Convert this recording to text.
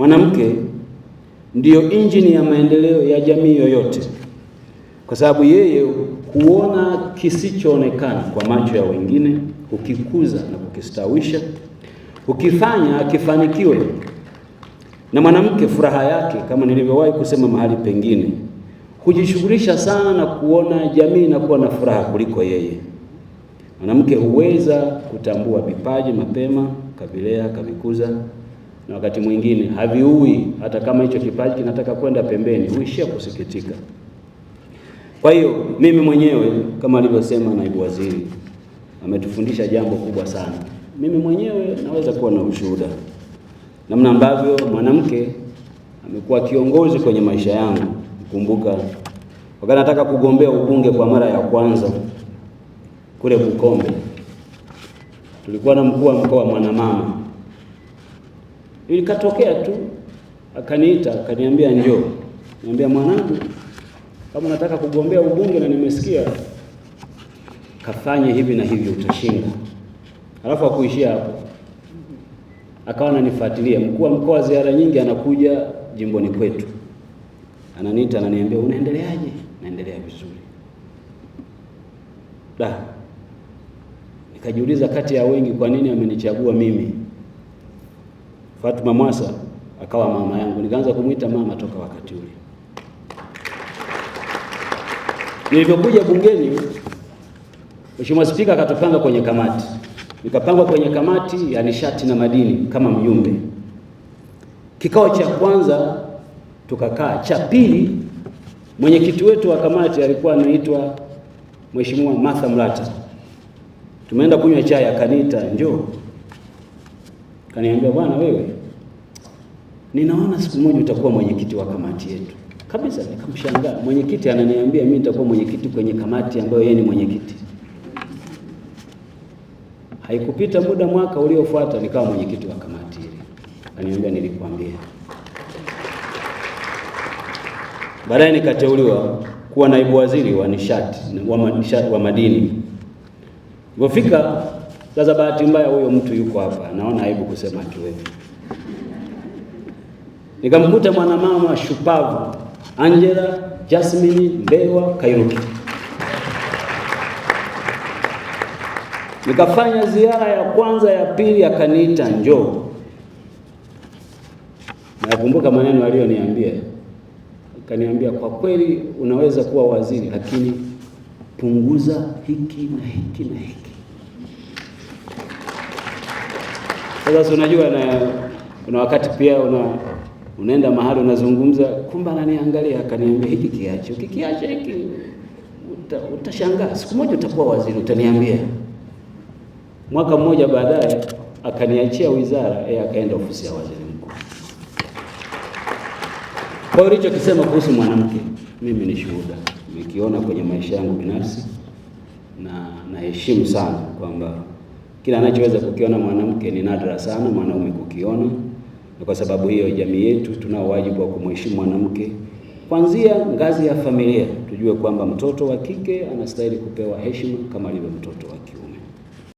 Mwanamke ndiyo injini ya maendeleo ya jamii yoyote, kwa sababu yeye huona kisichoonekana kwa macho ya wengine, hukikuza na kukistawisha, hukifanya akifanikiwe. Na mwanamke furaha yake, kama nilivyowahi kusema mahali pengine, hujishughulisha sana na kuona jamii inakuwa na furaha kuliko yeye. Mwanamke huweza kutambua vipaji mapema, kavilea, kavikuza na wakati mwingine haviui, hata kama hicho kipaji kinataka kwenda pembeni, huishia kusikitika. Kwa hiyo mimi mwenyewe kama alivyosema naibu waziri, ametufundisha jambo kubwa sana. Mimi mwenyewe naweza kuwa na ushuhuda namna ambavyo mwanamke amekuwa kiongozi kwenye maisha yangu. Kumbuka wakati nataka kugombea ubunge kwa mara ya kwanza kule Bukombe, tulikuwa na mkuu wa mkoa mwanamama Ilikatokea tu akaniita akaniambia, njoo. Niambia, mwanangu, kama unataka kugombea ubunge na nimesikia kafanye hivi na hivi, utashinda. Alafu akuishia hapo, akawa ananifuatilia. Mkuu wa mkoa ziara nyingi anakuja jimboni kwetu, ananiita ananiambia, unaendeleaje? Naendelea vizuri. Da, nikajiuliza kati ya wengi, kwa nini amenichagua mimi? Fatuma Mwasa akawa mama yangu, nikaanza kumwita mama toka wakati ule. Nilivyokuja bungeni, Mheshimiwa Spika akatupanga kwenye kamati, nikapangwa kwenye kamati ya nishati na madini kama mjumbe. Kikao cha kwanza tukakaa, cha pili mwenyekiti wetu wa kamati alikuwa anaitwa Mheshimiwa Martha Mlata, tumeenda kunywa chai, akaniita njoo Kaniambia, bwana wewe, ninaona siku moja utakuwa mwenyekiti wa kamati yetu kabisa. Nikamshangaa, mwenyekiti ananiambia mimi nitakuwa mwenyekiti kwenye kamati ambayo yeye ni mwenyekiti. Haikupita muda, mwaka uliofuata nikawa mwenyekiti wa kamati ile. Kaniambia, nilikwambia. Baadaye nikateuliwa kuwa naibu waziri wa nishati wa madini. Nilipofika sasa bahati mbaya huyo mtu yuko hapa, naona aibu kusema akiwepo. Nikamkuta mwanamama shupavu Angela Jasmini Mbewa Kairuki. Nikafanya ziara ya kwanza, ya pili, akaniita njoo. Nakumbuka maneno aliyoniambia, akaniambia kwa kweli, unaweza kuwa waziri, lakini punguza hiki na hiki na hiki Sasa unajua na kuna wakati pia una unaenda mahali unazungumza, kumbe ananiangalia, akaniambia hiki kiache, ukikiacha hiki utashangaa, siku moja utakuwa waziri, utaniambia. Mwaka mmoja baadaye akaniachia wizara, e, akaenda ofisi ya waziri mkuu. Kwa hiyo ilichokisema kuhusu mwanamke, mimi ni shuhuda, nikiona kwenye maisha yangu binafsi, na naheshimu sana kwamba kila anachoweza kukiona mwanamke ni nadra sana mwanaume kukiona, na kwa sababu hiyo jamii yetu tunao wajibu wa kumheshimu mwanamke kuanzia ngazi ya familia. Tujue kwamba mtoto wa kike anastahili kupewa heshima kama alivyo mtoto wa kiume.